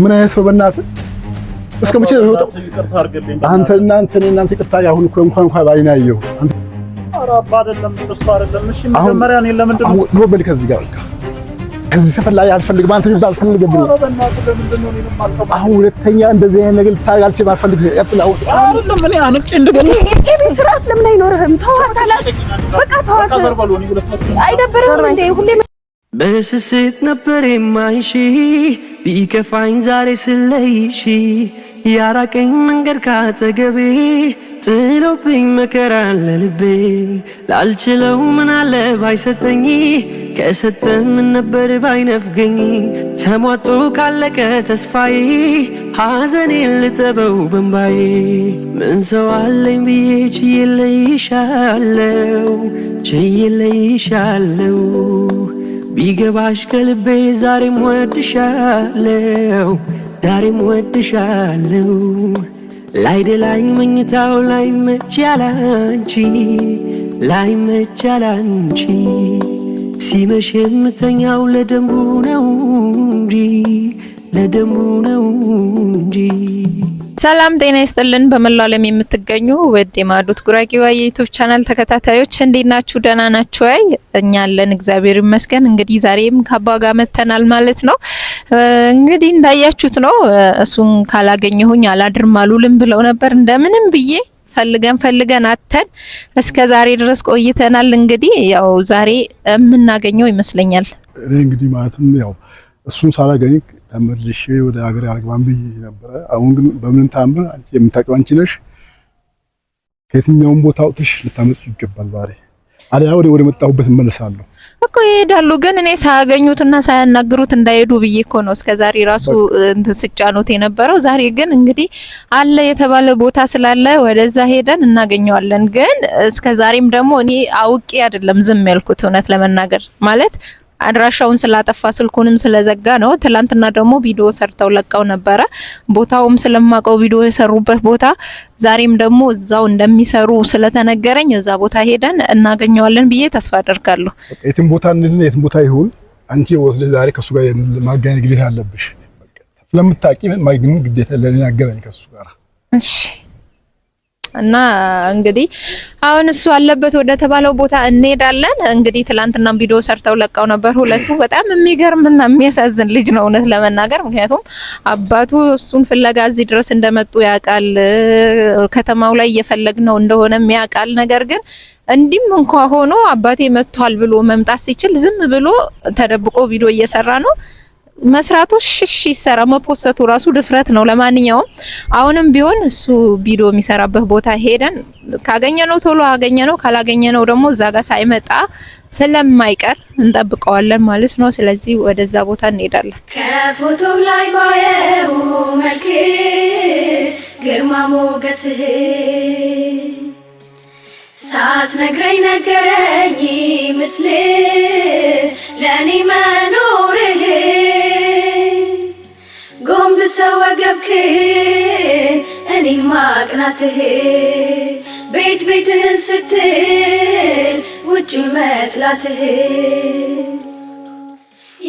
ምን አይነት ሰው በእናትህ እስከ መቼ ነው የወጣው? አንተ እናንተ እኔ እናንተ ይቅርታ ያሁን እኮ እንኳን እንኳን ባይና ያየው አንተ አራባ አይደለም ተስፋ አይደለም። እሺ መጀመሪያ እኔ ለምንድን ነው ይወ ከዚህ ጋር ከዚህ ሰፈር ላይ አልፈልግም። አንተ ይብዛል ነው አሁን ሁለተኛ እንደዚህ አይነት ነገር ልታደርግ ባልፈልግ አልፈልግም። አሁን አይደለም እኔ አንጭ እንደገና የቤት ስርዓት ለምን አይኖርህም? ተዋት በቃ ተዋት። አይደብርም እንዴ ሁሌ በስስት ነበር የማይሽ ቢከፋኝ ዛሬ ስለይሽ ያራቀኝ መንገድ ካጠገቤ ጥሎብኝ መከራ ለልቤ ላልችለው ምናለ ባይሰጠኝ ከሰጠን ምን ነበር ባይነፍገኝ ተሟጦ ካለቀ ተስፋዬ ሐዘኔን ልጠበው በንባዬ ምን ሰው አለኝ ብዬ ችዬ ለይሻለው ችዬ ለይሻለው ቢገባሽ ከልቤ ዛሬም ወድሻለው ዛሬም ወድሻለው ላይደላኝ መኝታው ላይመች ያላንቺ ላይመች ያላንቺ ሲመሽ የምተኛው ለደንቡ ነው እንጂ ለደንቡ ነው እንጂ ሰላም ጤና ይስጥልን። በመላው ዓለም የምትገኙ ውድ የማዕዶት ጉራጌዋ የዩቲዩብ ቻናል ተከታታዮች እንዴት ናችሁ? ደህና ናችሁ? አይ እኛ አለን እግዚአብሔር ይመስገን። እንግዲህ ዛሬም ካባ ጋር መተናል ማለት ነው። እንግዲህ እንዳያችሁት ነው። እሱን ካላገኘሁኝ አላድርም አሉልም ብለው ነበር። እንደምንም ብዬ ፈልገን ፈልገን አተን እስከ ዛሬ ድረስ ቆይተናል። እንግዲህ ያው ዛሬ የምናገኘው ይመስለኛል። እኔ እንግዲህ ማለትም ያው እሱን ሳላገኝ ተመልሼ ወደ ሀገር አልገባም ብዬ ነበረ። አሁን ግን በምን ታምር አንቺ የምታውቂው አንቺ ነሽ። ከየትኛውም ቦታ አውጥሽ ልታመጽ ይገባል ዛሬ አለ ወደ ወደ መጣሁበት እመለሳለሁ እኮ ይሄዳሉ። ግን እኔ ሳያገኙትና ሳያናግሩት እንዳይሄዱ ብዬ እኮ ነው እስከ ዛሬ ራሱ ስጫኑት የነበረው። ዛሬ ግን እንግዲህ አለ የተባለ ቦታ ስላለ ወደዛ ሄደን እናገኘዋለን። ግን እስከ ዛሬም ደግሞ እኔ አውቄ አይደለም ዝም ያልኩት እውነት ለመናገር ማለት አድራሻውን ስላጠፋ ስልኩንም ስለዘጋ ነው። ትላንትና ደግሞ ቪዲዮ ሰርተው ለቀው ነበረ። ቦታውም ስለማቀው ቪዲዮ የሰሩበት ቦታ ዛሬም ደግሞ እዛው እንደሚሰሩ ስለተነገረኝ እዛ ቦታ ሄደን እናገኘዋለን ብዬ ተስፋ አደርጋለሁ። የትም ቦታ እንድን የትም ቦታ ይሁን አንቺ ወስደሽ ዛሬ ከሱ ጋር ማገናኘት ግዴታ አለብሽ። ስለምታቂ ማግኘት ግዴታ ለኔ ያገናኝ ከሱ ጋር እሺ እና እንግዲህ አሁን እሱ አለበት ወደ ተባለው ቦታ እንሄዳለን። እንግዲህ ትላንትና ቪዲዮ ሰርተው ለቀው ነበር ሁለቱ። በጣም የሚገርምና የሚያሳዝን ልጅ ነው እውነት ለመናገር ምክንያቱም አባቱ እሱን ፍለጋ እዚህ ድረስ እንደመጡ ያውቃል። ከተማው ላይ ነው እንደሆነ ያውቃል ነገር ግን እንዲም እንኳ ሆኖ አባቴ መጥቷል ብሎ መምጣት ሲችል ዝም ብሎ ተደብቆ ቪዲዮ እየሰራ ነው። መስራቱ ሽሽ ይሰራ መፖሰቱ ራሱ ድፍረት ነው። ለማንኛውም አሁንም ቢሆን እሱ ቪዲዮ የሚሰራበት ቦታ ሄደን ካገኘነው ቶሎ አገኘነው፣ ካላገኘነው ደግሞ እዛ ጋር ሳይመጣ ስለማይቀር እንጠብቀዋለን ማለት ነው። ስለዚህ ወደዛ ቦታ እንሄዳለን። ከፎቶ ላይ ባየው መልክ ግርማ ሞገስህ ሰዓት ነግረኝ ነገረኝ ምስል ለእኔ መኖርህ ጎንብሰ ወገብክን እኔ ማቅናትህ ቤት ቤትህን ስትል ውጪ መጥላትህ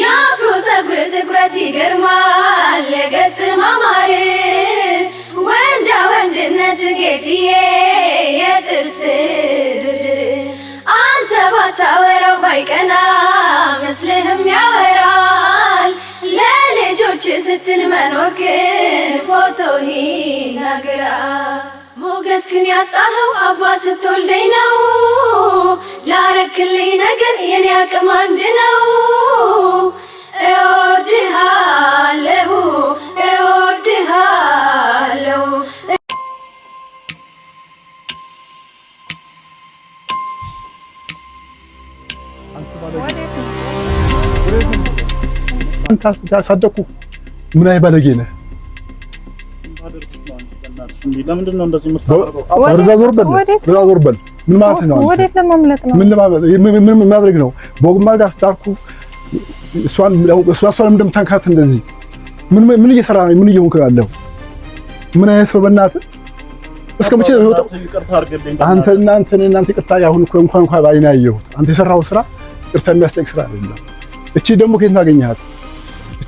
የአፍሮ ፀጉር ትኩረት ይገርማል ገጽ ማማር ወንዳ ወንድነት ጌትዬ የጥርስ ድርድር አንተ ባታወራው ባይቀና ምስልህም ያወራ ላንቺ ስትል መኖርክን ፎቶ ይናገራ ሞገስክን ያጣኸው አባ ስትወልደኝ ነው። ላረክልኝ ነገር የኔ አቅም አንድ ነው። እወድሃለሁ እወድሃለሁ ሳደኩ ምን አይ ባለጌ ነህ። ነው ምን ማለት ነው? ወዴት ለማምለጥ ነው? ምን ማድረግ ነው? ጋር ስታርኩ እሷን እሷን እንደምታንካት እንደዚህ ምን ምን እየሰራ ነው? ምን እየሆንክ ነው ያለው? ምን አይነት ሰው በእናትህ እስከ መቼ ነው አንተ እናንተ እናንተ እኮ እንኳን እንኳን ባይና ያየሁት አንተ የሰራው ስራ ይቅርታ የሚያስጠይቅ ስራ አይደለም። እቺ ደግሞ ከየት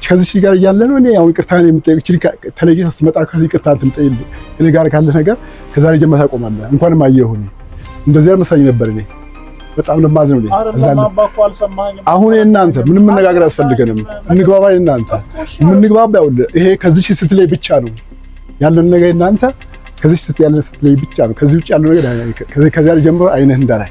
ከዚህ ጋር እያለ ነው እኔ አሁን ይቅርታ የምጠይቅ እቺ ተለየ ስመጣ ከዚህ ይቅርታ ትምጠይል እኔ ጋር ካለ ነገር ከዛሬ ጀመር ታቆማለህ። እንኳንም አየሁኝ እንደዚያ መሰለኝ ነበር እኔ በጣም ለማዝ ነው። አሁን እናንተ ምንም መነጋገር አስፈልገንም። እንግባባ። እናንተ የምንግባባ ይኸውልህ ይሄ ከዚህ ስትለይ ብቻ ነው ያለን ነገር እናንተ ከዚህ ስትለይ ብቻ ነው። ከዚህ ውጭ ያለው ነገር ከዚህ ጀምሮ አይነህ እንዳላይ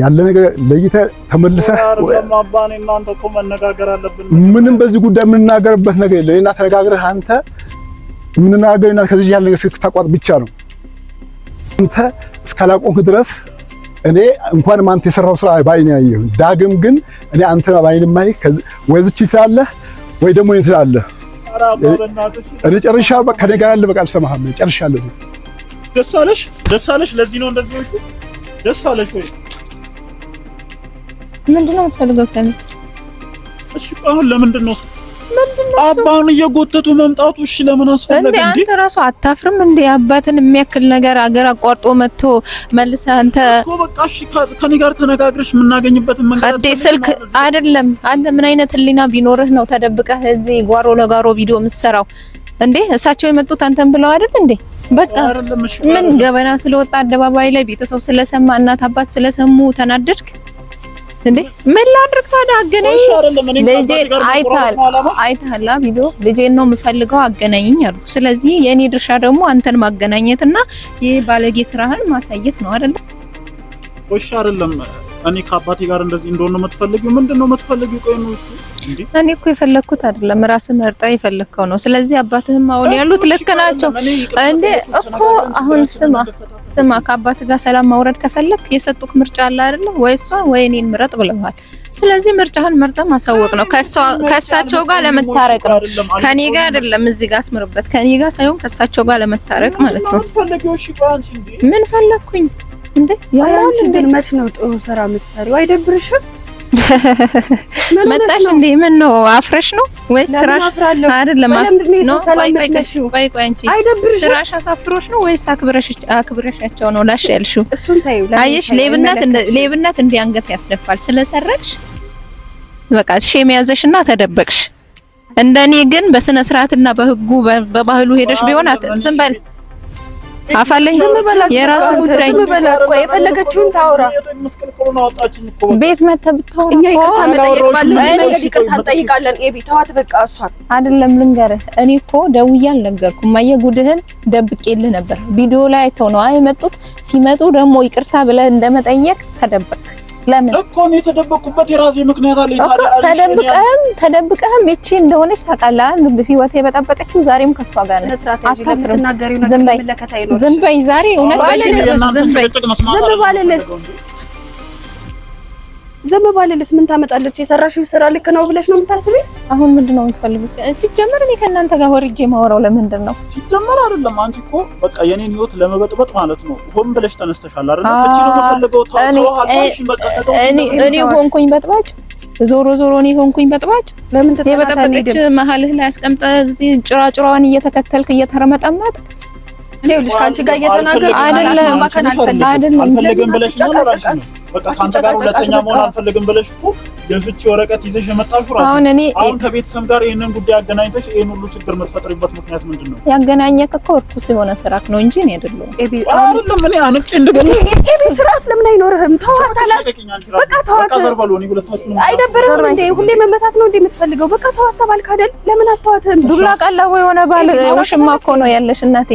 ያለ ነገር ለይተህ ተመልሰህ ምንም በዚህ ጉዳይ የምንናገርበት ነገር የለም። እና ተነጋግረህ አንተ የምንናገር እና ከዚህ ያለ ነገር ስታቋርጥ ብቻ ነው። አንተ እስካላቆንክ ድረስ እኔ እንኳንም አንተ የሰራው ስራ ባይኔ ያየሁ፣ ዳግም ግን እኔ አንተ ባይኔ ማይ ወይ ዝች ትላለህ ወይ ደግሞ እኔ ትላለህ። እኔ ጨርሻለሁ። በቃ ከእኔ ጋር ያለ በቃ አልሰማህም። ጨርሻለሁ። ደስ አለሽ፣ ደስ አለሽ። ለዚህ ነው እንደዚህ ነው። ደስ አለሽ ወይ ምንድነው የምትፈልገው? ከምን እሺ፣ አሁን ለምንድን ነው አባን እየጎተቱ መምጣቱ? እሺ፣ ለምን አስፈለገ እንዴ? አንተ ራሱ አታፍርም እንዴ? አባትን የሚያክል ነገር አገር አቋርጦ መጥቶ መልሰ አንተ እኮ በቃ እሺ፣ ከኔ ጋር ተነጋግረሽ የምናገኝበትን መንገድ አጥቶ ስልክ አይደለም። አንተ ምን አይነት ህሊና ቢኖርህ ነው ተደብቀህ እዚህ ጓሮ ለጓሮ ቪዲዮ የምትሰራው? እንዴ እሳቸው የመጡት አንተን ብለው አይደል እንዴ? በቃ ምን ገበና ስለወጣ አደባባይ ላይ ቤተሰብ ስለሰማ እናት አባት ስለሰሙ ተናደድክ? እንዴ ምን ላድርግ ታዲያ? አገናኝ ልጄ አይታል አይታላ ቪዲዮ ልጄን ነው የምፈልገው አገናኝኝ አሉ። ስለዚህ የኔ ድርሻ ደግሞ አንተን ማገናኘትና ይህ ባለጌ ስራህን ማሳየት ነው አይደለ? እሺ አይደለም እኔ ከአባቴ ጋር እንደዚህ እንደሆነ ነው የምትፈልጊው? ምንድን ነው የምትፈልጊው? ቆይ ነው እሱ እንዴ? እኔ እኮ የፈለግኩት አይደለም፣ ራስ መርጣ የፈለግከው ነው። ስለዚህ አባትህም አሁን ያሉት ልክ ናቸው እንዴ? እኮ አሁን ስማ ስማ፣ ከአባት ጋር ሰላም ማውረድ ከፈለክ የሰጡክ ምርጫ አለ አይደለ? ወይ እሷን ወይ እኔን ምረጥ ብለዋል። ስለዚህ ምርጫህን መርጠ ማሳወቅ ነው። ከእሳቸው ጋር ለመታረቅ ነው፣ ከኔ ጋር አይደለም። እዚህ ጋር አስምርበት፣ ከኔ ጋር ሳይሆን ከእሳቸው ጋር ለመታረቅ ማለት ነው። ምን ፈለግኩኝ እንዴ መች ነው ጥሩ ስራ አይደብርሽም? መጣሽ እንዴ? ምን ነው አፍረሽ ነው ወይስ ስራሽ? አይደለም ነው። ቆይ ቆይ ቆይ፣ አንቺ ስራሽ አሳፍሮሽ ነው ወይስ አክብረሽ አክብረሻቸው ነው ላሽ ያልሽው? አየሽ፣ ሌብነት ሌብነት እንዲህ አንገት ያስደፋል። ስለሰረቅሽ በቃ እሺ ተደበቅሽ። እንደኔ ግን በስነ ስርዓትና በህጉ በባህሉ ሄደሽ ቢሆን ዝም በል አፋለኝ የራሱ ጉዳይ የፈለገችውን ታውራ። ቤት መተህ ብታወራ እኛ ይቅርታ መጠየቅ ባለን ይቅርታ እንጠይቃለን። ኤቢ ተዋት በቃ እሷን አይደለም ልንገርህ፣ እኔ እኮ ደውዬ አልነገርኩም። ማየ ጉድህን ደብቄልህ ነበር። ቪዲዮ ላይ አይተው ነው የመጡት። ሲመጡ ደግሞ ይቅርታ ብለህ እንደመጠየቅ ተደበቅ ለምን እኮ ነው የተደበቅኩበት? የራሴ ምክንያት አለ። ተደብቀህም ተደብቀህም እቺ እንደሆነች ታውቃለህ። ህይወት የበጠበጠችው ዛሬም ከሷ ጋር ነው። አታፍርም። ዝም በይ፣ ዝም በይ። ዛሬ እውነት ዝም በይ። ዘም ባለልሽ ምን ታመጣለች? የሰራሽው ስራ ልክ ነው ብለሽ ነው የምታስቢ? አሁን ምንድነው የምትፈልጉት? ሲጀመር እኔ ከእናንተ ጋር ወርጄ ማወራው ለምንድን ነው? ሲጀመር አይደለም። አንቺ እኮ በቃ የኔን ህይወት ለመበጥበጥ ማለት ነው ሆን ብለሽ ተነስተሻል አይደል? ከቺ ነው የምፈልገው። እኔ ሆንኩኝ በጥባጭ ዞሮ ዞሮ እኔ ሆንኩኝ በጥባጭ። ለምን የበጠበጠች መሀልህ ላይ አስቀምጠህ እዚህ ጭራጭራዋን እየተከተልክ እየተረመጠመጥክ ይኸውልሽ ከአንቺ ጋር እየተናገርኩ አልፈልግም ብለሽ ነው እራስሽ በቃ ከአንተ ጋር ሁለተኛ መሆን አልፈልግም ብለሽ እኮ የፍቺ ወረቀት ይዘሽ የመጣሽው እራስሽ። አሁን እኔ አሁን ከቤተሰብ ጋር ይህንን ጉዳይ አገናኝተሽ ይሄን ሁሉ ችግር የምትፈጥሪበት ምክንያት ምንድን ነው? ያገናኘክ እኮ እርኩስ የሆነ ስራክ ነው እንጂ እኔ አይደለም። ኤቢ ስርዓት ለምን አይኖርህም? ሁሌ መመታት ነው እንዴ የምትፈልገው? በቃ ተዋት ተባልክ አይደል? ለምን አተዋትም? ዱላ ቀለቡ የሆነ ባል ውሽማ እኮ ነው ያለሽ እናቴ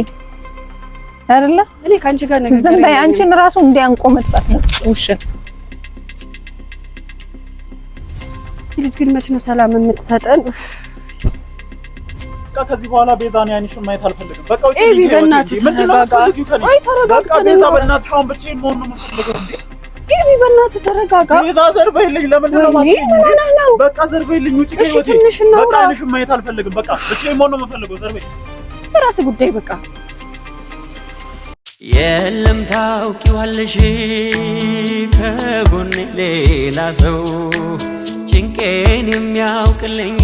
አይደለ? እኔ ካንቺ ጋር ነገር ዝም በይ። አንቺን ራሱ እንዲያንቆመጣት ውሽ ልጅ ግን መች ነው ሰላም የምትሰጠን? በቃ ከዚህ በኋላ ቤዛ ነው አይንሽን ማየት አልፈልግም። በቃ ውጪ ልጅ ነው ተረጋጋ። አይ ተረጋጋ። ቤዛ በእናትሽ አሁን ብቻዬን መሆን ነው የምፈልገው እንዴ ይሄ በእናትህ ተረጋጋ። ቤዛ ዘር በይልኝ። ለምንድን ነው የማትይኝ? በቃ ዘር በይልኝ። ውጪ ከህይወቴ። በቃ አይንሽን ማየት አልፈልግም። በቃ ብቻዬን መሆን ነው የምፈልገው። ዘር በይ። በራስህ ጉዳይ በቃ የለም ታውቂዋለሽ ከጎን ሌላ ሰው ጭንቄን የሚያውቅልኝ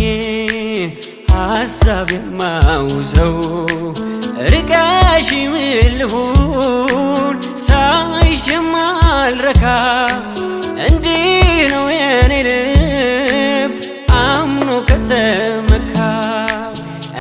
ሀሳብ የማውሰው ርቀሽ ምልሁን ሳይሽ የማልረካ እንዲህ ነው የኔ ልብ አምኖ ከተ